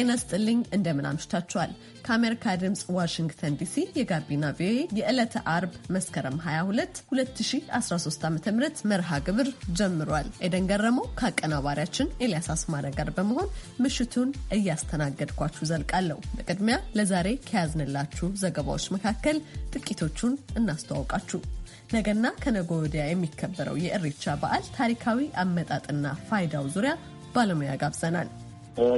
ጤና ስጥልኝ እንደምን አምሽታችኋል። ከአሜሪካ ድምፅ ዋሽንግተን ዲሲ የጋቢና ቪኦኤ የዕለተ አርብ መስከረም 22 2013 ዓ ም መርሃ ግብር ጀምሯል። ኤደን ገረመው ከአቀናባሪያችን ኤልያስ አስማረ ጋር በመሆን ምሽቱን እያስተናገድኳችሁ ዘልቃለሁ። በቅድሚያ ለዛሬ ከያዝንላችሁ ዘገባዎች መካከል ጥቂቶቹን እናስተዋውቃችሁ። ነገና ከነገ ወዲያ የሚከበረው የእሬቻ በዓል ታሪካዊ አመጣጥና ፋይዳው ዙሪያ ባለሙያ ጋብዘናል።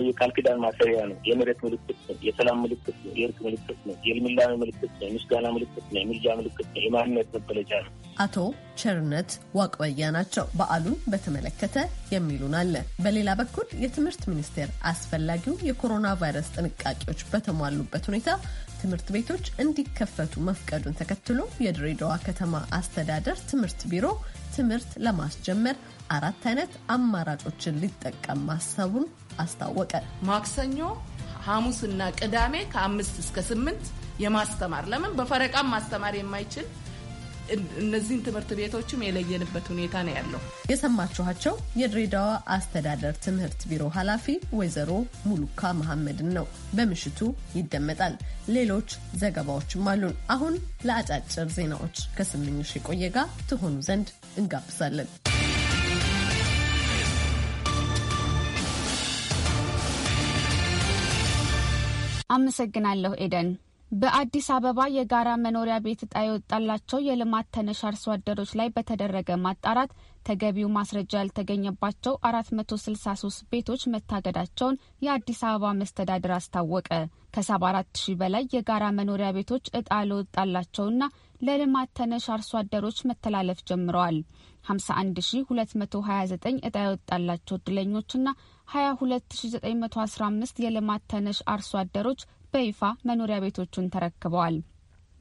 የቃል ኪዳን ማሰሪያ ነው። የምህረት ምልክት ነው። የሰላም ምልክት ነው። የእርቅ ምልክት ነው። የልምላሜ ምልክት ነው። የምስጋና ምልክት ነው። የምልጃ ምልክት ነው። የማንነት መገለጫ ነው። አቶ ቸርነት ዋቅበያ ናቸው በዓሉን በተመለከተ የሚሉን አለ። በሌላ በኩል የትምህርት ሚኒስቴር አስፈላጊው የኮሮና ቫይረስ ጥንቃቄዎች በተሟሉበት ሁኔታ ትምህርት ቤቶች እንዲከፈቱ መፍቀዱን ተከትሎ የድሬዳዋ ከተማ አስተዳደር ትምህርት ቢሮ ትምህርት ለማስጀመር አራት አይነት አማራጮችን ሊጠቀም ማሰቡን አስታወቀ። ማክሰኞ፣ ሐሙስና ቅዳሜ ከአምስት እስከ ስምንት የማስተማር ለምን በፈረቃም ማስተማር የማይችል እነዚህን ትምህርት ቤቶችም የለየንበት ሁኔታ ነው ያለው። የሰማችኋቸው የድሬዳዋ አስተዳደር ትምህርት ቢሮ ኃላፊ ወይዘሮ ሙሉካ መሐመድን ነው። በምሽቱ ይደመጣል። ሌሎች ዘገባዎችም አሉን። አሁን ለአጫጭር ዜናዎች ከስምኞሽ የቆየ ጋር ትሆኑ ዘንድ እንጋብዛለን። አመሰግናለሁ ኤደን። በአዲስ አበባ የጋራ መኖሪያ ቤት እጣ የወጣላቸው የልማት ተነሽ አርሶ አደሮች ላይ በተደረገ ማጣራት ተገቢው ማስረጃ ያልተገኘባቸው አራት መቶ ስልሳ ሶስት ቤቶች መታገዳቸውን የአዲስ አበባ መስተዳድር አስታወቀ። ከሰባ አራት ሺህ በላይ የጋራ መኖሪያ ቤቶች እጣ ለወጣላቸውና ለልማት ተነሽ አርሶ አደሮች መተላለፍ ጀምረዋል። 51229 እጣ የወጣላቸው እድለኞችና 22915 የልማት ተነሽ አርሶ አደሮች በይፋ መኖሪያ ቤቶቹን ተረክበዋል።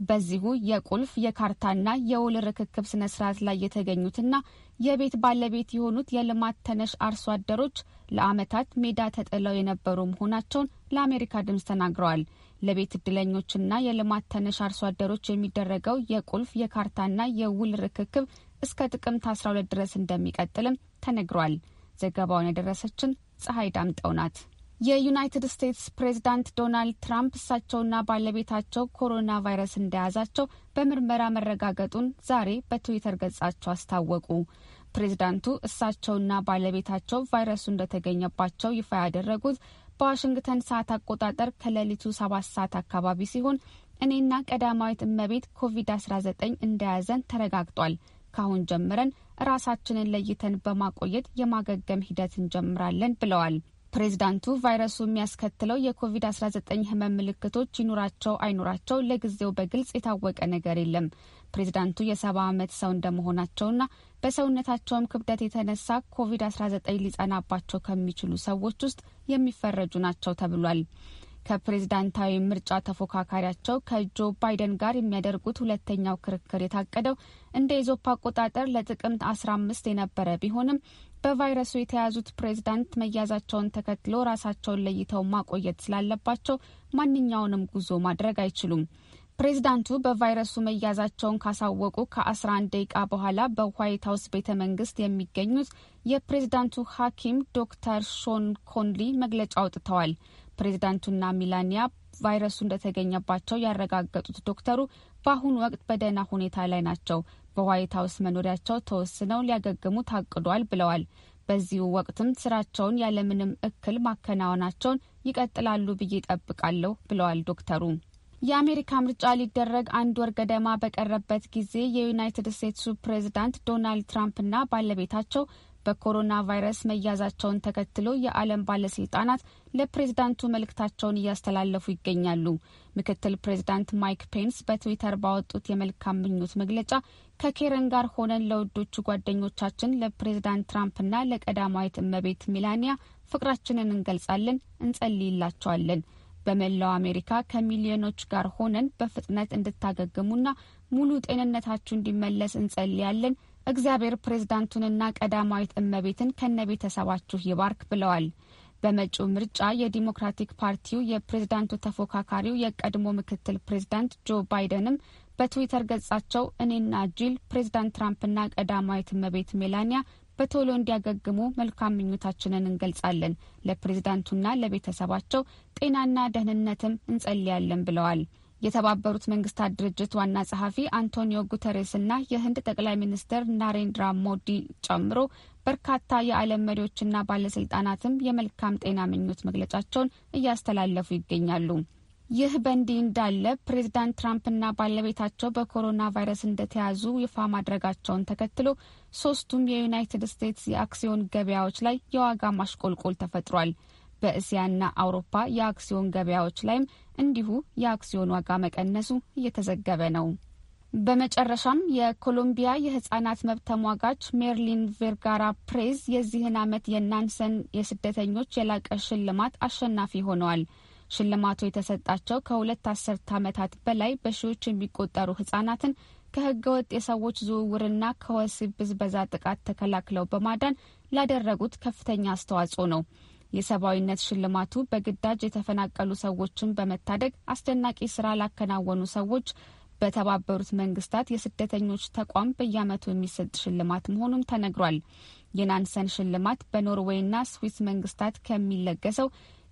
በዚሁ የቁልፍ የካርታና የውል ርክክብ ስነ ስርዓት ላይ የተገኙትና የቤት ባለቤት የሆኑት የልማት ተነሽ አርሶ አደሮች ለዓመታት ሜዳ ተጥለው የነበሩ መሆናቸውን ለአሜሪካ ድምፅ ተናግረዋል። ለቤት እድለኞችና የልማት ተነሽ አርሶ አደሮች የሚደረገው የቁልፍ የካርታና የውል ርክክብ እስከ ጥቅምት 12 ድረስ እንደሚቀጥልም ተነግሯል። ዘገባውን ያደረሰችን ፀሐይ ዳምጠው ናት። የዩናይትድ ስቴትስ ፕሬዝዳንት ዶናልድ ትራምፕ እሳቸውና ባለቤታቸው ኮሮና ቫይረስ እንደያዛቸው በምርመራ መረጋገጡን ዛሬ በትዊተር ገጻቸው አስታወቁ። ፕሬዝዳንቱ እሳቸውና ባለቤታቸው ቫይረሱ እንደተገኘባቸው ይፋ ያደረጉት በዋሽንግተን ሰዓት አቆጣጠር ከሌሊቱ ሰባት ሰዓት አካባቢ ሲሆን እኔና ቀዳማዊት እመቤት ኮቪድ-19 እንደያዘን ተረጋግጧል ካሁን ጀምረን ራሳችንን ለይተን በማቆየት የማገገም ሂደት እንጀምራለን ብለዋል። ፕሬዚዳንቱ ቫይረሱ የሚያስከትለው የኮቪድ-19 ህመም ምልክቶች ይኑራቸው አይኑራቸው ለጊዜው በግልጽ የታወቀ ነገር የለም። ፕሬዚዳንቱ የሰባ ዓመት ሰው እንደመሆናቸውና በሰውነታቸውም ክብደት የተነሳ ኮቪድ-19 ሊጸናባቸው ከሚችሉ ሰዎች ውስጥ የሚፈረጁ ናቸው ተብሏል። ከፕሬዝዳንታዊ ምርጫ ተፎካካሪያቸው ከጆ ባይደን ጋር የሚያደርጉት ሁለተኛው ክርክር የታቀደው እንደ ኢዞፓ አቆጣጠር ለጥቅምት 15 የነበረ ቢሆንም በቫይረሱ የተያዙት ፕሬዝዳንት መያዛቸውን ተከትሎ ራሳቸውን ለይተው ማቆየት ስላለባቸው ማንኛውንም ጉዞ ማድረግ አይችሉም። ፕሬዝዳንቱ በቫይረሱ መያዛቸውን ካሳወቁ ከ11 ደቂቃ በኋላ በዋይት ሀውስ ቤተ መንግስት የሚገኙት የፕሬዝዳንቱ ሐኪም ዶክተር ሾን ኮንሊ መግለጫ አውጥተዋል። ፕሬዚዳንቱና ሚላኒያ ቫይረሱ እንደተገኘባቸው ያረጋገጡት ዶክተሩ በአሁኑ ወቅት በደህና ሁኔታ ላይ ናቸው። በዋይት ሀውስ መኖሪያቸው ተወስነው ሊያገግሙ ታቅዷል ብለዋል። በዚሁ ወቅትም ስራቸውን ያለምንም እክል ማከናወናቸውን ይቀጥላሉ ብዬ ጠብቃለሁ ብለዋል ዶክተሩ። የአሜሪካ ምርጫ ሊደረግ አንድ ወር ገደማ በቀረበት ጊዜ የዩናይትድ ስቴትሱ ፕሬዚዳንት ዶናልድ ትራምፕና ባለቤታቸው በኮሮና ቫይረስ መያዛቸውን ተከትሎ የዓለም ባለስልጣናት ለፕሬዝዳንቱ መልእክታቸውን እያስተላለፉ ይገኛሉ። ምክትል ፕሬዝዳንት ማይክ ፔንስ በትዊተር ባወጡት የመልካም ምኞት መግለጫ ከኬረን ጋር ሆነን ለውዶቹ ጓደኞቻችን ለፕሬዝዳንት ትራምፕና ለቀዳማዊት እመቤት ሚላኒያ ፍቅራችንን እንገልጻለን፣ እንጸልይላቸዋለን። በመላው አሜሪካ ከሚሊዮኖች ጋር ሆነን በፍጥነት እንድታገግሙና ሙሉ ጤንነታችሁ እንዲመለስ እንጸልያለን እግዚአብሔር ፕሬዝዳንቱንና ቀዳማዊት እመቤትን ቤተሰባችሁ ይባርክ ብለዋል። በመጪው ምርጫ የዲሞክራቲክ ፓርቲው የፕሬዝዳንቱ ተፎካካሪው የቀድሞ ምክትል ፕሬዝዳንት ጆ ባይደንም በትዊተር ገጻቸው እኔና ጂል ፕሬዝዳንት ትራምፕና ቀዳማዊት እመቤት ሜላኒያ በቶሎ እንዲያገግሙ መልካም ምኞታችንን እንገልጻለን። ለፕሬዝዳንቱና ለቤተሰባቸው ጤናና ደህንነትም እንጸልያለን ብለዋል። የተባበሩት መንግስታት ድርጅት ዋና ጸሐፊ አንቶኒዮ ጉተሬስ እና የህንድ ጠቅላይ ሚኒስትር ናሬንድራ ሞዲ ጨምሮ በርካታ የዓለም መሪዎችና ባለስልጣናትም የመልካም ጤና ምኞት መግለጫቸውን እያስተላለፉ ይገኛሉ። ይህ በእንዲህ እንዳለ ፕሬዚዳንት ትራምፕና ባለቤታቸው በኮሮና ቫይረስ እንደተያዙ ይፋ ማድረጋቸውን ተከትሎ ሶስቱም የዩናይትድ ስቴትስ የአክሲዮን ገበያዎች ላይ የዋጋ ማሽቆልቆል ተፈጥሯል። በእስያና አውሮፓ የአክሲዮን ገበያዎች ላይም እንዲሁ የአክሲዮን ዋጋ መቀነሱ እየተዘገበ ነው። በመጨረሻም የኮሎምቢያ የህጻናት መብት ተሟጋች ሜርሊን ቬርጋራ ፕሬዝ የዚህን ዓመት የናንሰን የስደተኞች የላቀ ሽልማት አሸናፊ ሆነዋል። ሽልማቱ የተሰጣቸው ከሁለት አስርት ዓመታት በላይ በሺዎች የሚቆጠሩ ህጻናትን ከህገወጥ የሰዎች ዝውውርና ከወሲብ ብዝበዛ ጥቃት ተከላክለው በማዳን ላደረጉት ከፍተኛ አስተዋጽኦ ነው። የሰብአዊነት ሽልማቱ በግዳጅ የተፈናቀሉ ሰዎችን በመታደግ አስደናቂ ስራ ላከናወኑ ሰዎች በተባበሩት መንግስታት የስደተኞች ተቋም በየአመቱ የሚሰጥ ሽልማት መሆኑም ተነግሯል። የናንሰን ሽልማት በኖርዌይና ስዊስ መንግስታት ከሚለገሰው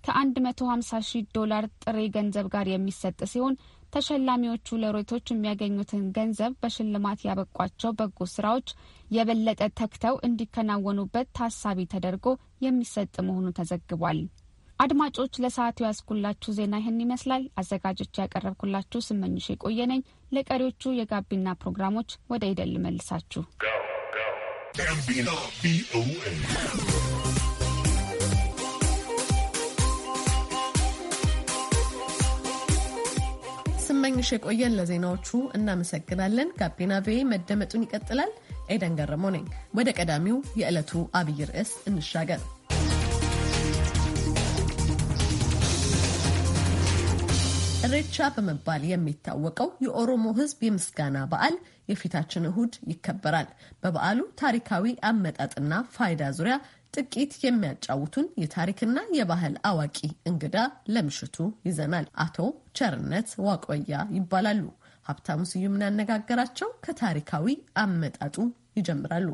ከ150 ሺህ ዶላር ጥሬ ገንዘብ ጋር የሚሰጥ ሲሆን ተሸላሚዎቹ ለሮቶች የሚያገኙትን ገንዘብ በሽልማት ያበቋቸው በጎ ስራዎች የበለጠ ተክተው እንዲከናወኑበት ታሳቢ ተደርጎ የሚሰጥ መሆኑ ተዘግቧል። አድማጮች ለሰዓቱ ያስኩላችሁ ዜና ይህን ይመስላል። አዘጋጆች ያቀረብኩላችሁ ስመኝሽ የቆየ ነኝ። ለቀሪዎቹ የጋቢና ፕሮግራሞች ወደ ይደል መልሳችሁ። ስመኝሽ የቆየን ለዜናዎቹ እናመሰግናለን። ጋቢና ቬ መደመጡን ይቀጥላል። ኤደን ገረሞ ነኝ። ወደ ቀዳሚው የዕለቱ አብይ ርዕስ እንሻገር። እሬቻ በመባል የሚታወቀው የኦሮሞ ሕዝብ የምስጋና በዓል የፊታችን እሁድ ይከበራል። በበዓሉ ታሪካዊ አመጣጥና ፋይዳ ዙሪያ ጥቂት የሚያጫውቱን የታሪክና የባህል አዋቂ እንግዳ ለምሽቱ ይዘናል። አቶ ቸርነት ዋቆያ ይባላሉ። ሀብታሙ ስዩምን ያነጋገራቸው ከታሪካዊ አመጣጡ ይጀምራሉ።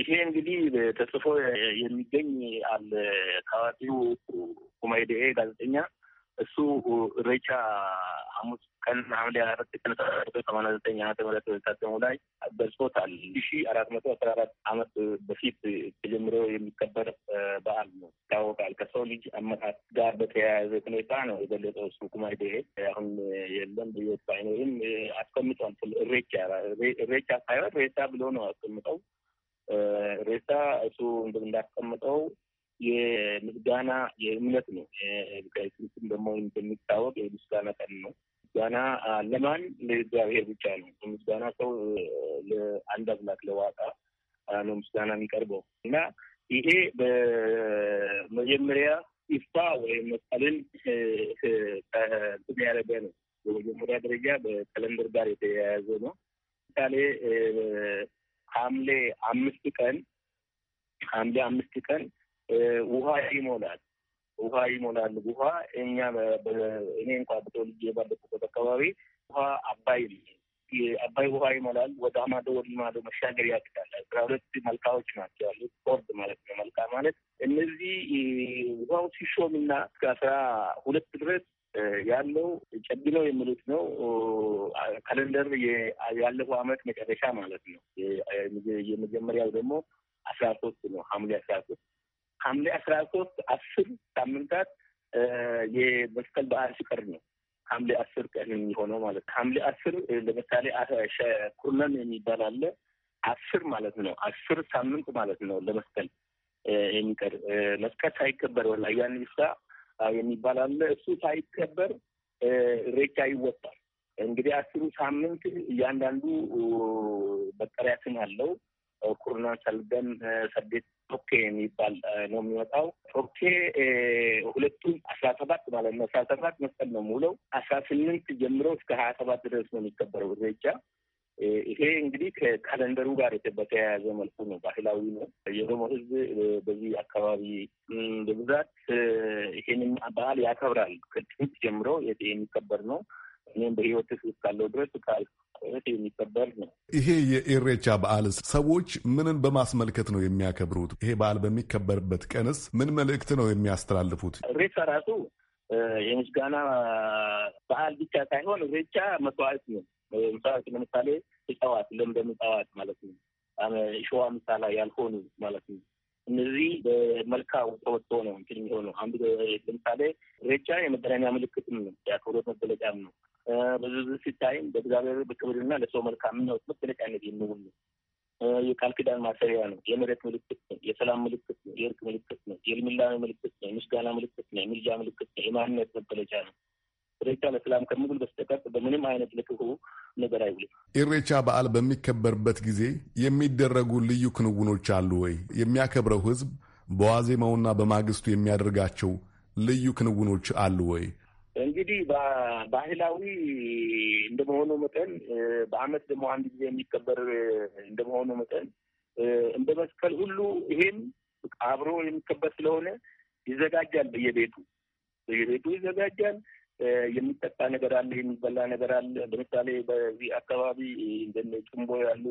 ይሄ እንግዲህ ተጽፎ የሚገኝ አለ። ታዋቂው ሁማይዴኤ ጋዜጠኛ እሱ ሬቻ ሐሙስ ቀን ሐምሌ አራት ቀን ሰማንያ ዘጠኝ ዓመተ ምህረት ታተመው ላይ ገልጾታል። ሺ አራት መቶ አስራ አራት ዓመት በፊት ተጀምሮ የሚከበር በዓል ነው ይታወቃል። ከሰው ልጅ አመጣት ጋር በተያያዘ ሁኔታ ነው የገለጸው። እሱ ኩማይዴ አሁን የለም ብዮት ባይኖርም አስቀምጧል። ሬቻ ሬቻ ሳይሆን ሬሳ ብሎ ነው አስቀምጠው ሬሳ እሱ እንዳስቀምጠው የምስጋና የእምነት ነው። ክርስም ደግሞ እንደሚታወቅ የምስጋና ቀን ነው። ምስጋና ለማን ለእግዚአብሔር ብቻ ነው። ምስጋና ሰው ለአንድ አምላክ ለዋጣ ነው ምስጋና የሚቀርበው እና ይሄ በመጀመሪያ ይፋ ወይም መስቀልን ያደረገ ነው። በመጀመሪያ ደረጃ በካለንደር ጋር የተያያዘ ነው። ምሳሌ ሐምሌ አምስት ቀን ሐምሌ አምስት ቀን ውሃ ይሞላል ውሃ ይሞላል። ውሃ እኛ እኔ እንኳ በተወልጄ ባለበት አካባቢ ውሃ አባይ አባይ ውሃ ይሞላል። ወደ አማዶ ወደ ማዶ መሻገር ያቅዳል። አስራ ሁለት መልካዎች ናቸው ያሉት ፎርድ ማለት ነው። መልካ ማለት እነዚህ ውሃው ሲሾም ሲሾምና እስከ አስራ ሁለት ድረስ ያለው ነው የሚሉት ነው። ካለንደር ያለፈው አመት መጨረሻ ማለት ነው። የመጀመሪያው ደግሞ አስራ ሶስት ነው ሐምሌ አስራ ሶስት ሐምሌ አስራ ሶስት አስር ሳምንታት የመስቀል በዓል ሲቀር ነው። ሐምሌ አስር ቀን የሚሆነው ማለት ሐምሌ አስር ለምሳሌ ኩርነን የሚባል አለ አስር ማለት ነው። አስር ሳምንት ማለት ነው ለመስቀል የሚቀር መስቀል ሳይከበር ወላ ያን ይፍታ የሚባል አለ። እሱ ሳይከበር ሬቻ ይወጣል። እንግዲህ አስሩ ሳምንት እያንዳንዱ መጠሪያ ስም አለው። ኩርና ሰልደን ሰዴት ቶኬ የሚባል ነው የሚወጣው። ቶኬ ሁለቱም አስራ ሰባት ማለት ነው። አስራ ሰባት መስቀል ነው የምውለው። አስራ ስምንት ጀምሮ እስከ ሀያ ሰባት ድረስ ነው የሚከበረው እሬቻ። ይሄ እንግዲህ ከካለንደሩ ጋር በተያያዘ መልኩ ነው፣ ባህላዊ ነው። የኦሮሞ ሕዝብ በዚህ አካባቢ በብዛት ይሄንም በዓል ያከብራል። ከጥንት ጀምሮ የሚከበር ነው። እኔም በህይወት ውስጥ ካለው ድረስ የሚቀበል ነው። ይሄ የኢሬቻ በዓል ሰዎች ምንን በማስመልከት ነው የሚያከብሩት? ይሄ በዓል በሚከበርበት ቀንስ ምን መልእክት ነው የሚያስተላልፉት? ኢሬቻ ራሱ የምስጋና በዓል ብቻ ሳይሆን ኢሬቻ መስዋዕት ነው። መስዋዕት ለምሳሌ እጽዋት፣ ለምደም እጽዋት ማለት ነው። እሸዋ ምሳላ ያልሆኑ ማለት ነው። እነዚህ በመልካው ተወጥቶ ነው እንትን የሚሆነው። አንዱ ለምሳሌ ኢሬቻ የመገናኛ ምልክትም ነው፣ የአክብሮት መገለጫም ነው። በዝርዝር ሲታይም በእግዚአብሔር በክብርና ለሰው መልካምነት መገለጫነት የሚውል ነው። የቃል ኪዳን ማሰሪያ ነው። የምህረት ምልክት ነው። የሰላም ምልክት ነው። የእርቅ ምልክት ነው። የልምላሜ ምልክት ነው። የምስጋና ምልክት ነው። የምልጃ ምልክት ነው። የማንነት መገለጫ ነው። ኢሬቻ ለሰላም ከሚውል በስተቀር በምንም አይነት ልክሁ ነገር አይውልም። ኢሬቻ በዓል በሚከበርበት ጊዜ የሚደረጉ ልዩ ክንውኖች አሉ ወይ? የሚያከብረው ህዝብ በዋዜማውና በማግስቱ የሚያደርጋቸው ልዩ ክንውኖች አሉ ወይ? እንግዲህ ባህላዊ እንደመሆኑ መጠን በአመት ደግሞ አንድ ጊዜ የሚከበር እንደመሆኑ መጠን እንደ መስቀል ሁሉ ይሄም አብሮ የሚከበር ስለሆነ ይዘጋጃል። በየቤቱ በየቤቱ ይዘጋጃል። የሚጠጣ ነገር አለ፣ የሚበላ ነገር አለ። ለምሳሌ በዚህ አካባቢ እንደ ጭንቦ ያሉ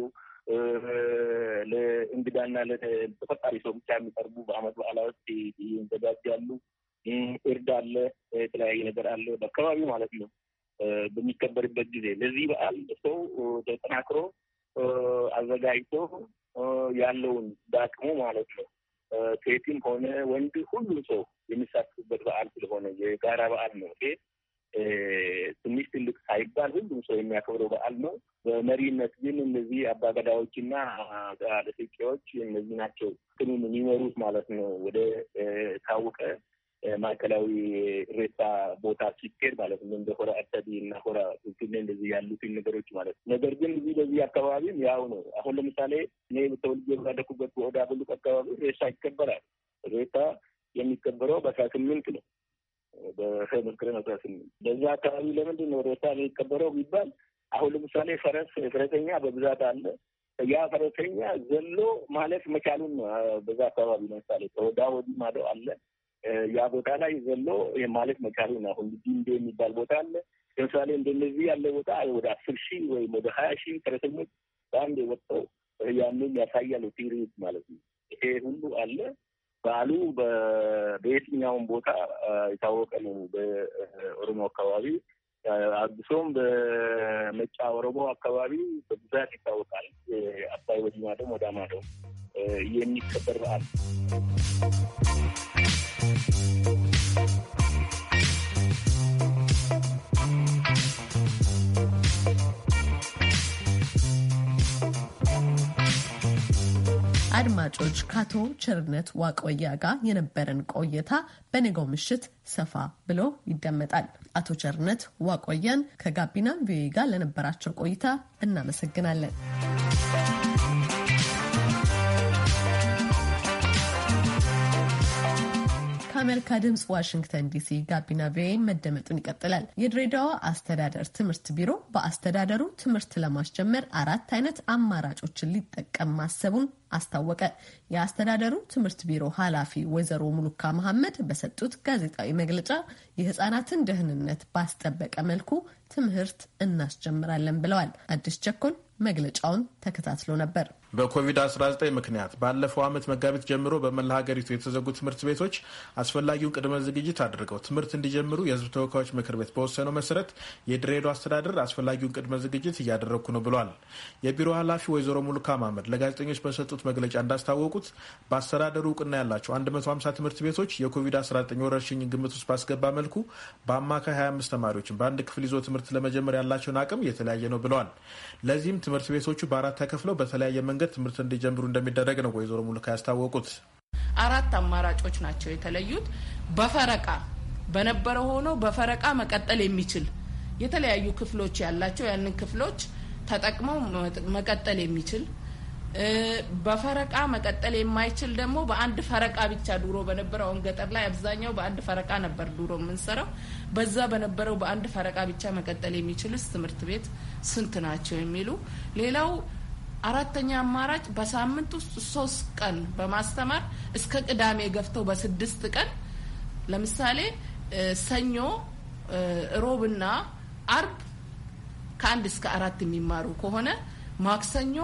ለእንግዳና ለተፈጣሪ ሰው ብቻ የሚቀርቡ በአመት በዓላት ይዘጋጃሉ። እርድ አለ፣ የተለያየ ነገር አለ በአካባቢው ማለት ነው። በሚከበርበት ጊዜ ለዚህ በዓል ሰው ተጠናክሮ አዘጋጅቶ ያለውን በአቅሙ ማለት ነው ሴትም ሆነ ወንድ ሁሉም ሰው የሚሳተፍበት በዓል ስለሆነ የጋራ በዓል ነው። ትንሽ ትልቅ ሳይባል ሁሉም ሰው የሚያከብረው በዓል ነው። በመሪነት ግን እነዚህ አባገዳዎችና ደሴቄዎች እነዚህ ናቸው ትኑን የሚመሩት ማለት ነው። ወደ ታወቀ ማዕከላዊ ሬሳ ቦታ ሲኬድ ማለት ነው እንደ ሆራ አሰዲ እና ሆራ ፊ እንደዚህ ያሉትን ነገሮች ማለት ነው። ነገር ግን እዚህ በዚህ አካባቢም ያው ነው። አሁን ለምሳሌ እኔ ተወልጄ ባደኩበት በኦዳ ብሉቅ አካባቢ ሬሳ ይከበራል። ሬሳ የሚከበረው በአስራ ስምንት ነው በመስከረም አስራ ስምንት በዚህ አካባቢ ለምንድን ነው ሬሳ የሚከበረው ቢባል አሁን ለምሳሌ ፈረስ ፈረሰኛ በብዛት አለ። ያ ፈረሰኛ ዘሎ ማለፍ መቻሉን በዛ አካባቢ ለምሳሌ ከወዳ ወዲህ ማዶ አለ ያ ቦታ ላይ ዘሎ ማለት መቻሉ ነው። አሁን ዲንዶ የሚባል ቦታ አለ። ለምሳሌ እንደነዚህ ያለ ቦታ ወደ አስር ሺህ ወይም ወደ ሀያ ሺህ ፈረሰኞች በአንድ የወጥተው ያንን ያሳያል ፒሪድ ማለት ነው። ይሄ ሁሉ አለ። በዓሉ በየትኛውም ቦታ የታወቀ ነው። በኦሮሞ አካባቢ አብሶም በመጫ ኦሮሞ አካባቢ በብዛት ይታወቃል። ከአባይ ወዲህ ማዶም ወደ ማዶም የሚከበር በዓል አድማጮች ከአቶ ቸርነት ዋቆያ ጋር የነበረን ቆይታ በነገው ምሽት ሰፋ ብሎ ይደመጣል። አቶ ቸርነት ዋቆያን ከጋቢና ቪኦኤ ጋር ለነበራቸው ቆይታ እናመሰግናለን። ከአሜሪካ ድምፅ ዋሽንግተን ዲሲ ጋቢና ቪኦኤ መደመጡን ይቀጥላል። የድሬዳዋ አስተዳደር ትምህርት ቢሮ በአስተዳደሩ ትምህርት ለማስጀመር አራት አይነት አማራጮችን ሊጠቀም ማሰቡን አስታወቀ። የአስተዳደሩ ትምህርት ቢሮ ኃላፊ ወይዘሮ ሙሉካ መሐመድ በሰጡት ጋዜጣዊ መግለጫ የህፃናትን ደህንነት ባስጠበቀ መልኩ ትምህርት እናስጀምራለን ብለዋል። አዲስ ቸኮል መግለጫውን ተከታትሎ ነበር። በኮቪድ-19 ምክንያት ባለፈው ዓመት መጋቢት ጀምሮ በመላ ሀገሪቱ የተዘጉ ትምህርት ቤቶች አስፈላጊውን ቅድመ ዝግጅት አድርገው ትምህርት እንዲጀምሩ የሕዝብ ተወካዮች ምክር ቤት በወሰነው መሰረት የድሬዳዋ አስተዳደር አስፈላጊውን ቅድመ ዝግጅት እያደረግኩ ነው ብሏል። የቢሮ ኃላፊ ወይዘሮ ሙሉካ ማመድ ለጋዜጠኞች በሰጡት መግለጫ እንዳስታወቁት በአስተዳደሩ እውቅና ያላቸው 150 ትምህርት ቤቶች የኮቪድ-19 ወረርሽኝ ግምት ውስጥ ባስገባ መልኩ በአማካይ 25 ተማሪዎችን በአንድ ክፍል ይዞ ትምህርት ለመጀመር ያላቸውን አቅም የተለያየ ነው ብለዋል። ለዚህም ትምህርት ቤቶቹ በአራት ተከፍለው በተለያየ መንገድ ወለድ ትምህርት እንዲጀምሩ እንደሚደረግ ነው ወይዘሮ ሙልካ ያስታወቁት። አራት አማራጮች ናቸው የተለዩት። በፈረቃ በነበረ ሆኖ በፈረቃ መቀጠል የሚችል የተለያዩ ክፍሎች ያላቸው ያንን ክፍሎች ተጠቅመው መቀጠል የሚችል በፈረቃ መቀጠል የማይችል ደግሞ በአንድ ፈረቃ ብቻ ድሮ በነበረው አሁን ገጠር ላይ አብዛኛው በአንድ ፈረቃ ነበር ድሮ የምንሰራው። በዛ በነበረው በአንድ ፈረቃ ብቻ መቀጠል የሚችልስ ትምህርት ቤት ስንት ናቸው የሚሉ ሌላው አራተኛ አማራጭ በሳምንት ውስጥ ሶስት ቀን በማስተማር እስከ ቅዳሜ ገፍተው በስድስት ቀን ለምሳሌ ሰኞ፣ ሮብና አርብ ከአንድ እስከ አራት የሚማሩ ከሆነ ማክሰኞ፣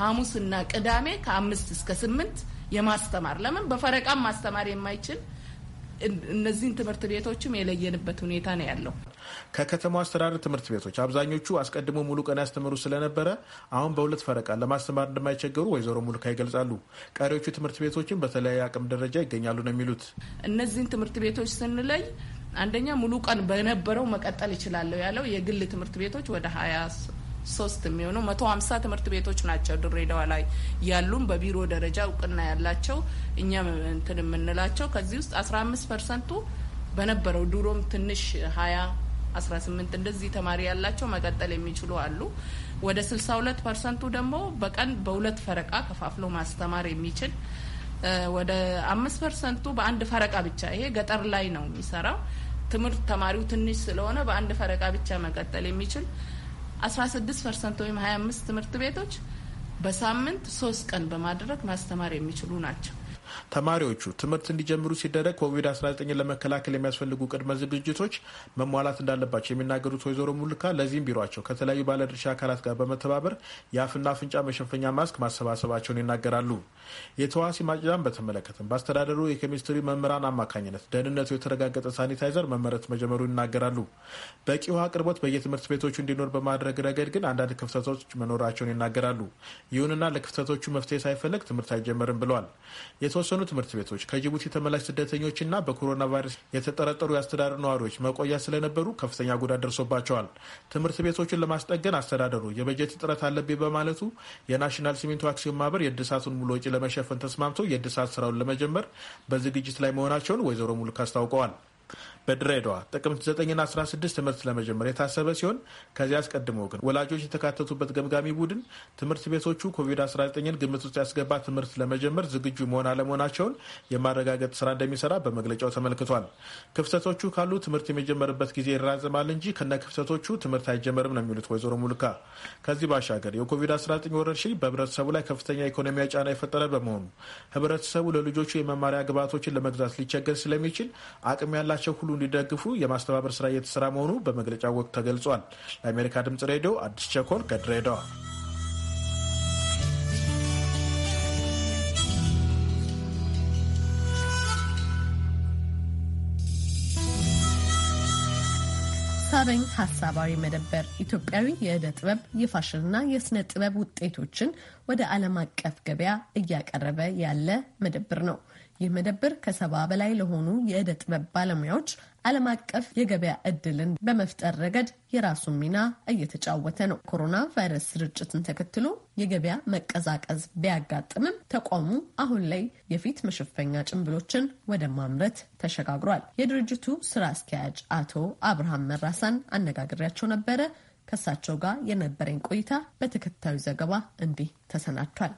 ሐሙስና ቅዳሜ ከአምስት እስከ ስምንት የማስተማር ለምን በፈረቃም ማስተማር የማይችል እነዚህን ትምህርት ቤቶችም የለየንበት ሁኔታ ነው ያለው። ከከተማው አስተዳደር ትምህርት ቤቶች አብዛኞቹ አስቀድሞ ሙሉ ቀን ያስተምሩ ስለነበረ አሁን በሁለት ፈረቃ ለማስተማር እንደማይቸገሩ ወይዘሮ ሙልካ ይገልጻሉ። ቀሪዎቹ ትምህርት ቤቶችን በተለያየ አቅም ደረጃ ይገኛሉ ነው የሚሉት። እነዚህን ትምህርት ቤቶች ስንለይ አንደኛ ሙሉ ቀን በነበረው መቀጠል ይችላለሁ ያለው የግል ትምህርት ቤቶች ወደ ሀያ ሶስት የሚሆኑ መቶ ሀምሳ ትምህርት ቤቶች ናቸው ድሬዳዋ ላይ ያሉም በቢሮ ደረጃ እውቅና ያላቸው እኛ እንትን የምንላቸው ከዚህ ውስጥ አስራ አምስት ፐርሰንቱ በነበረው ድሮም ትንሽ ሀያ 18 እንደዚህ ተማሪ ያላቸው መቀጠል የሚችሉ አሉ። ወደ 62 ፐርሰንቱ ደግሞ በቀን በሁለት ፈረቃ ከፋፍሎ ማስተማር የሚችል ወደ አምስት ፐርሰንቱ በአንድ ፈረቃ ብቻ ይሄ ገጠር ላይ ነው የሚሰራው ትምህርት ተማሪው ትንሽ ስለሆነ በአንድ ፈረቃ ብቻ መቀጠል የሚችል 16 ፐርሰንት ወይም 25 ትምህርት ቤቶች በሳምንት ሶስት ቀን በማድረግ ማስተማር የሚችሉ ናቸው። ተማሪዎቹ ትምህርት እንዲጀምሩ ሲደረግ ኮቪድ-19 ለመከላከል የሚያስፈልጉ ቅድመ ዝግጅቶች መሟላት እንዳለባቸው የሚናገሩት ወይዘሮ ሙልካ ለዚህም ቢሯቸው ከተለያዩ ባለድርሻ አካላት ጋር በመተባበር የአፍና አፍንጫ መሸፈኛ ማስክ ማሰባሰባቸውን ይናገራሉ። የተዋሲ ማጭዳን በተመለከተም በአስተዳደሩ የኬሚስትሪ መምህራን አማካኝነት ደህንነቱ የተረጋገጠ ሳኒታይዘር መመረት መጀመሩ ይናገራሉ። በቂ ውሃ አቅርቦት በየትምህርት ቤቶቹ እንዲኖር በማድረግ ረገድ ግን አንዳንድ ክፍተቶች መኖራቸውን ይናገራሉ። ይሁንና ለክፍተቶቹ መፍትሄ ሳይፈለግ ትምህርት አይጀመርም ብለዋል። የተወሰኑ ትምህርት ቤቶች ከጅቡቲ ተመላሽ ስደተኞችና በኮሮና ቫይረስ የተጠረጠሩ የአስተዳደር ነዋሪዎች መቆያ ስለነበሩ ከፍተኛ ጉዳት ደርሶባቸዋል። ትምህርት ቤቶቹን ለማስጠገን አስተዳደሩ የበጀት እጥረት አለብኝ በማለቱ የናሽናል ሲሚንቶ አክሲዮን ማህበር የእድሳቱን ሙሉ ወጪ ለመሸፈን ተስማምቶ የእድሳት ስራውን ለመጀመር በዝግጅት ላይ መሆናቸውን ወይዘሮ ሙልክ አስታውቀዋል። በድሬዳዋ ጥቅምት 9ና 16 ትምህርት ለመጀመር የታሰበ ሲሆን ከዚያ አስቀድሞ ግን ወላጆች የተካተቱበት ገምጋሚ ቡድን ትምህርት ቤቶቹ ኮቪድ-19ን ግምት ውስጥ ያስገባ ትምህርት ለመጀመር ዝግጁ መሆን አለመሆናቸውን የማረጋገጥ ስራ እንደሚሰራ በመግለጫው ተመልክቷል። ክፍተቶቹ ካሉ ትምህርት የሚጀመርበት ጊዜ ይራዘማል እንጂ ከነ ክፍተቶቹ ትምህርት አይጀመርም ነው የሚሉት ወይዘሮ ሙልካ። ከዚህ ባሻገር የኮቪድ-19 ወረርሽኝ በህብረተሰቡ ላይ ከፍተኛ ኢኮኖሚያዊ ጫና የፈጠረ በመሆኑ ህብረተሰቡ ለልጆቹ የመማሪያ ግብዓቶችን ለመግዛት ሊቸገር ስለሚችል አቅም ያላቸው ሁሉ እንዲደግፉ የማስተባበር ስራ እየተሰራ መሆኑ በመግለጫው ወቅት ተገልጿል። ለአሜሪካ ድምጽ ሬዲዮ አዲስ ቸኮል ከድሬዳዋ። ሳበኝ ሀሳባዊ መደብር ኢትዮጵያዊ የእደ ጥበብ የፋሽንና የስነ ጥበብ ውጤቶችን ወደ ዓለም አቀፍ ገበያ እያቀረበ ያለ መደብር ነው። ይህ መደብር ከሰባ በላይ ለሆኑ የእደ ጥበብ ባለሙያዎች ዓለም አቀፍ የገበያ እድልን በመፍጠር ረገድ የራሱን ሚና እየተጫወተ ነው። ኮሮና ቫይረስ ስርጭትን ተከትሎ የገበያ መቀዛቀዝ ቢያጋጥምም ተቋሙ አሁን ላይ የፊት መሸፈኛ ጭንብሎችን ወደ ማምረት ተሸጋግሯል። የድርጅቱ ስራ አስኪያጅ አቶ አብርሃም መራሳን አነጋግሬያቸው ነበረ። ከእሳቸው ጋር የነበረኝ ቆይታ በተከታዩ ዘገባ እንዲህ ተሰናድቷል።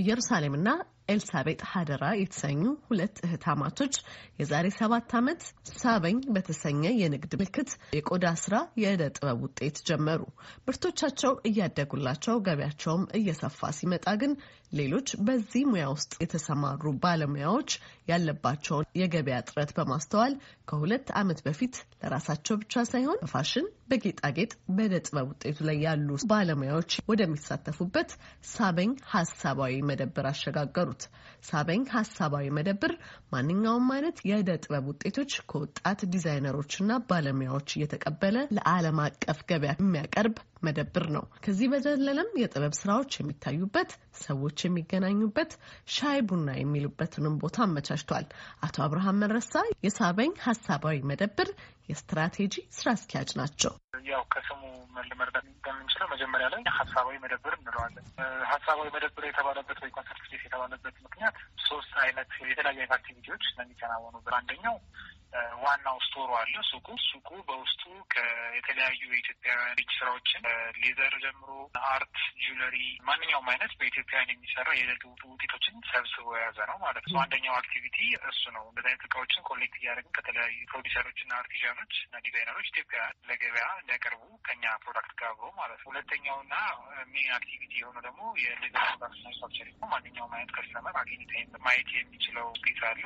ኢየሩሳሌምና ኤልሳቤጥ ሀደራ የተሰኙ ሁለት እህታማቶች የዛሬ ሰባት ዓመት ሳበኝ በተሰኘ የንግድ ምልክት የቆዳ ስራ የእደ ጥበብ ውጤት ጀመሩ። ምርቶቻቸው እያደጉላቸው ገበያቸውም እየሰፋ ሲመጣ ግን ሌሎች በዚህ ሙያ ውስጥ የተሰማሩ ባለሙያዎች ያለባቸውን የገበያ ጥረት በማስተዋል ከሁለት ዓመት በፊት ለራሳቸው ብቻ ሳይሆን በፋሽን፣ በጌጣጌጥ፣ በዕደ ጥበብ ውጤቱ ላይ ያሉ ባለሙያዎች ወደሚሳተፉበት ሳበኝ ሀሳባዊ መደብር አሸጋገሩት። ሳበኝ ሀሳባዊ መደብር ማንኛውም አይነት የእደ ጥበብ ውጤቶች ከወጣት ዲዛይነሮችና ባለሙያዎች እየተቀበለ ለዓለም አቀፍ ገበያ የሚያቀርብ መደብር ነው። ከዚህ በዘለለም የጥበብ ስራዎች የሚታዩበት ሰዎች ወጣቶች የሚገናኙበት ሻይ ቡና የሚሉበትንም ቦታ አመቻችቷል። አቶ አብርሃም መረሳ የሳበኝ ሀሳባዊ መደብር የስትራቴጂ ስራ አስኪያጅ ናቸው። ያው ከስሙ መረዳት እንደምንችለው መጀመሪያ ላይ ሀሳባዊ መደብር እንለዋለን። ሀሳባዊ መደብር የተባለበት ወይ ኮንሰርት የተባለበት ምክንያት ሶስት አይነት የተለያዩ አይነት አክቲቪቲዎች ስለሚከናወኑ አንደኛው ዋናው ስቶሩ አለ ሱቁ። ሱቁ በውስጡ ከየተለያዩ የኢትዮጵያውያን እጅ ስራዎችን ሌዘር ጀምሮ አርት፣ ጁለሪ፣ ማንኛውም አይነት በኢትዮጵያውያን የሚሰራ የእደ ውጤቶችን ሰብስቦ የያዘ ነው ማለት ነው። አንደኛው አክቲቪቲ እሱ ነው። እንደዚ አይነት እቃዎችን ኮሌክት እያደረግን ከተለያዩ ፕሮዲሰሮች እና አርቲዣኖች ዲዛይነሮች እና ዲዛይነሮች ኢትዮጵያ ለገበያ እንዲያቀርቡ ከኛ ፕሮዳክት ጋር አብሮ ማለት ነው። ሁለተኛውና ሜን አክቲቪቲ የሆነ ደግሞ የሌዘር ፕሮዳክት ማኑፋክቸሪንግ ነው። ማንኛውም አይነት ከስተመር አግኝተ ማየት የሚችለው ቤት አለ።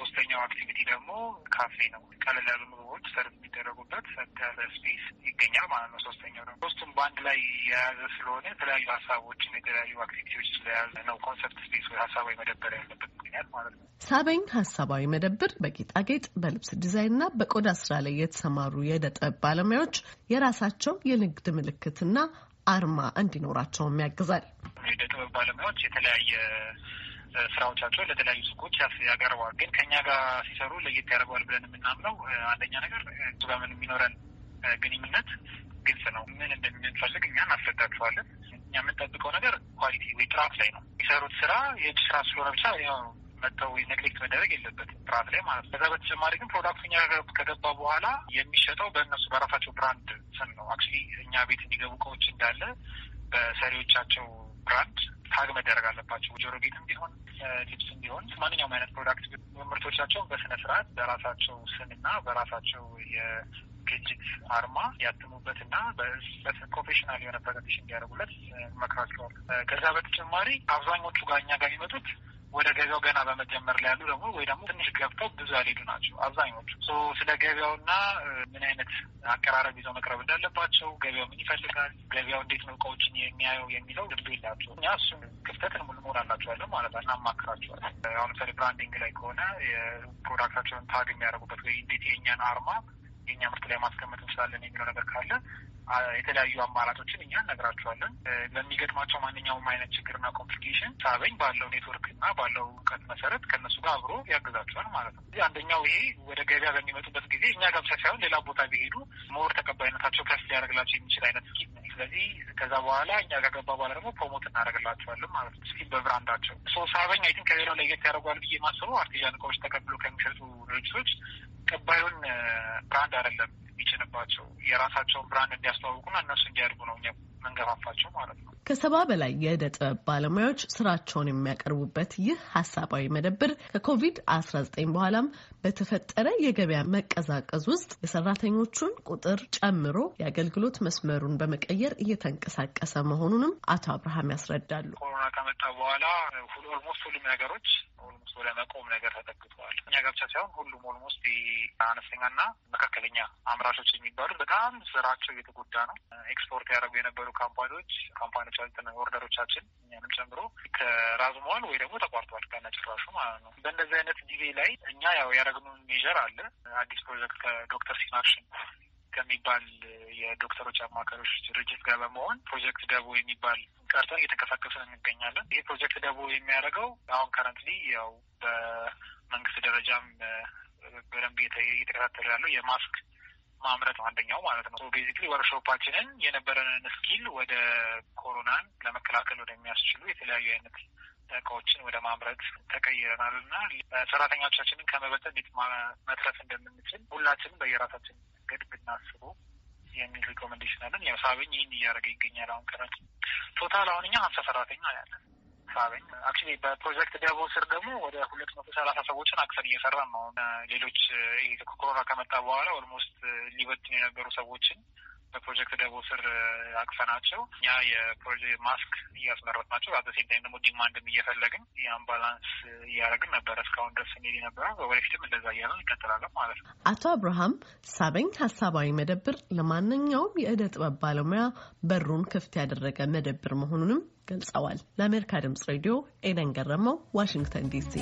ሶስተኛው አክቲቪቲ ደግሞ ካፌ ነው። ቀለል ያሉ ምግቦች ሰርቭ የሚደረጉበት ሰት ያለ ስፔስ ይገኛል ማለት ነው። ሶስተኛው ደግሞ ሶስቱም በአንድ ላይ የያዘ ስለሆነ የተለያዩ ሀሳቦችን የተለያዩ አክቲቪቲዎች ስለያዘ ነው ኮንሰፕት ስፔስ ወይ ሀሳባዊ መደበር ያለበት ምክንያት ማለት ነው። ሳበኝ ሀሳባዊ መደብር በጌጣጌጥ በልብስ ዲዛይን እና በቆዳ ስራ ላይ ላይ የተሰማሩ ጥበብ ባለሙያዎች የራሳቸው የንግድ ምልክትና አርማ እንዲኖራቸውም ያግዛል። የዕደጥበብ ባለሙያዎች የተለያየ ስራዎቻቸው ለተለያዩ ሱቆች ያቀርበዋል። ግን ከኛ ጋር ሲሰሩ ለየት ያደርገዋል ብለን የምናምነው አንደኛ ነገር እሱ ጋር ምን የሚኖረን ግንኙነት ግልጽ ነው። ምን እንደምንፈልግ እኛ እናስረዳቸዋለን። እኛ የምንጠብቀው ነገር ኳሊቲ ወይ ጥራት ላይ ነው። የሚሰሩት ስራ የእጅ ስራ ስለሆነ ብቻ መጥተው ኔግሌክት መደረግ የለበትም ብራንድ ላይ ማለት ነው። ከዛ በተጨማሪ ግን ፕሮዳክቱ እኛ ከገባ በኋላ የሚሸጠው በእነሱ በራሳቸው ብራንድ ስም ነው። አክቹዋሊ እኛ ቤት እንዲገቡ እቃዎች እንዳለ በሰሪዎቻቸው ብራንድ ታግ መደረግ አለባቸው። ጆሮ ጌጥም ቢሆን ልብስም ቢሆን ማንኛውም አይነት ፕሮዳክት ምርቶቻቸውን በስነ ስርዓት በራሳቸው ስምና በራሳቸው የድርጅት አርማ ያትሙበትና ፕሮፌሽናል የሆነ ፕሬዘንቴሽን እንዲያደርጉለት መክራቸዋል። ከዛ በተጨማሪ አብዛኞቹ ጋር እኛ ጋር የሚመጡት ወደ ገበያው ገና በመጀመር ላይ ያሉ ደግሞ ወይ ደግሞ ትንሽ ገብተው ብዙ ያልሄዱ ናቸው አብዛኞቹ። ስለ ገበያውና ምን አይነት አቀራረብ ይዘው መቅረብ እንዳለባቸው፣ ገበያው ምን ይፈልጋል፣ ገበያው እንዴት ነው እቃዎችን የሚያየው የሚለው ልብ የላቸው። እኛ እሱን ክፍተት እንሞላላቸዋለን ማለት እናማክራቸዋለን። አሁን ለምሳሌ ብራንዲንግ ላይ ከሆነ የፕሮዳክታቸውን ታግ የሚያደርጉበት ወይ እንዴት የእኛን አርማ የእኛ ምርት ላይ ማስቀመጥ እንችላለን የሚለው ነገር ካለ የተለያዩ አማራጮችን እኛ እነግራቸዋለን። ለሚገጥማቸው ማንኛውም አይነት ችግርና ኮምፕሊኬሽን ሳበኝ ባለው ኔትወርክ እና ባለው እውቀት መሰረት ከእነሱ ጋር አብሮ ያግዛቸዋል ማለት ነው። አንደኛው ይሄ ወደ ገበያ በሚመጡበት ጊዜ እኛ ጋር ብቻ ሳይሆን ሌላ ቦታ ቢሄዱ መወር ተቀባይነታቸው ከፍ ሊያደርግላቸው የሚችል አይነት ስኪም ስለዚህ ከዛ በኋላ እኛ ከገባ በኋላ ደግሞ ፕሮሞት እናደርግላቸዋለን ማለት ነው። እስኪ በብራንዳቸው ሶ ሳበኝ ከሌላው ለየት ያደርጓል ብዬ ማስበው አርቲዣን እቃዎች ተቀብሎ ከሚሸጡ ድርጅቶች ቀባዩን ብራንድ አይደለም የሚጭንባቸው የራሳቸውን ብራንድ እንዲያስተዋውቁና እነሱ እንዲያድጉ ነው እኛ መንገፋፋቸው ማለት ነው። ከሰባ በላይ የእደ ጥበብ ባለሙያዎች ስራቸውን የሚያቀርቡበት ይህ ሀሳባዊ መደብር ከኮቪድ አስራ ዘጠኝ በኋላም በተፈጠረ የገበያ መቀዛቀዝ ውስጥ የሰራተኞቹን ቁጥር ጨምሮ የአገልግሎት መስመሩን በመቀየር እየተንቀሳቀሰ መሆኑንም አቶ አብርሃም ያስረዳሉ። ኮሮና ከመጣ በኋላ ኦልሞስት ሁሉም ሀገሮች ተነስቶ ለመቆም ነገር ተጠግተዋል። እኛ ጋር ብቻ ሳይሆን ሁሉም ኦልሞስት አነስተኛና መካከለኛ አምራቾች የሚባሉት በጣም ስራቸው እየተጎዳ ነው። ኤክስፖርት ያደረጉ የነበሩ ካምፓኒዎች ካምፓኒዎች ኦርደሮቻችን እኛንም ጨምሮ ከራዝሟል ወይ ደግሞ ተቋርጧል ከነጭራሹ ማለት ነው። በእንደዚህ አይነት ጊዜ ላይ እኛ ያው ያደረግነው ሜዥር አለ አዲስ ፕሮጀክት ከዶክተር ሲናክሽን ከሚባል የዶክተሮች አማካሪዎች ድርጅት ጋር በመሆን ፕሮጀክት ደቦ የሚባል ቀርተን እየተንቀሳቀስን እንገኛለን። ይህ ፕሮጀክት ደቦ የሚያደርገው አሁን ከረንትሊ ያው በመንግስት ደረጃም በደንብ እየተከታተለ ያለው የማስክ ማምረት አንደኛው ማለት ነው። ቤዚክሊ ወርክሾፓችንን የነበረንን ስኪል ወደ ኮሮናን ለመከላከል ወደሚያስችሉ የተለያዩ አይነት እቃዎችን ወደ ማምረት ተቀይረናል እና ሰራተኞቻችንን ከመበተን መትረፍ እንደምንችል ሁላችንም በየራሳችን የምናስበው የሚል ሪኮመንዴሽን አለን። ያው ሳበኝ ይህን እያደረገ ይገኛል። አሁን ቀራችን ቶታል አሁን እኛ ሀምሳ ሰራተኛ ያለን ሳበኝ አክቹዋሊ በፕሮጀክት ደቦ ስር ደግሞ ወደ ሁለት መቶ ሰላሳ ሰዎችን አክሰን እየሰራ ነው። ሌሎች ኮሮና ከመጣ በኋላ ኦልሞስት ሊበትን የነበሩ ሰዎችን በፕሮጀክት ደቦ ስር አቅፈናቸው እኛ የፕሮጀክት ማስክ እያስመረት ናቸው። አዘሴም ታይም ደግሞ ዲማንድም እየፈለግን የአምባላንስ እያደረግን ነበረ። እስካሁን ደስ ሚል ነበረ። ወደፊትም እንደዛ እያለን እንቀጥላለን ማለት ነው። አቶ አብርሃም ሳበኝ ሀሳባዊ መደብር ለማንኛውም የእደ ጥበብ ባለሙያ በሩን ክፍት ያደረገ መደብር መሆኑንም ገልጸዋል። ለአሜሪካ ድምጽ ሬዲዮ ኤደን ገረመው፣ ዋሽንግተን ዲሲ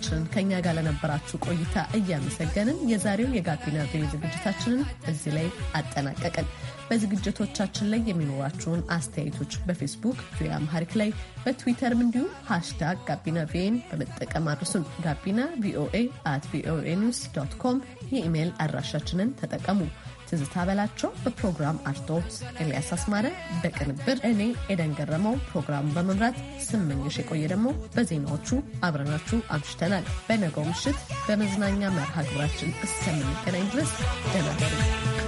አድማጮቻችን ከእኛ ጋር ለነበራችሁ ቆይታ እያመሰገንን የዛሬው የጋቢና ቪ ዝግጅታችንን እዚህ ላይ አጠናቀቅን። በዝግጅቶቻችን ላይ የሚኖራችሁን አስተያየቶች በፌስቡክ ቪኦኤ አምሃሪክ ላይ በትዊተርም እንዲሁም ሃሽታግ ጋቢና ቪኦኤን በመጠቀም አድርሱን። ጋቢና ቪኦኤ አት ቪኦኤ ኒውስ ዶት ኮም የኢሜይል አድራሻችንን ተጠቀሙ። ትዝታ በላቸው፣ በፕሮግራም አርቶት ኤልያስ አስማረ፣ በቅንብር እኔ ኤደን ገረመው፣ ፕሮግራሙ በመምራት ስምኝሽ የቆየ ደግሞ በዜናዎቹ አብረናችሁ አምሽተናል። በነገው ምሽት በመዝናኛ መርሃ ግብራችን እስከምንገናኝ ድረስ ደህና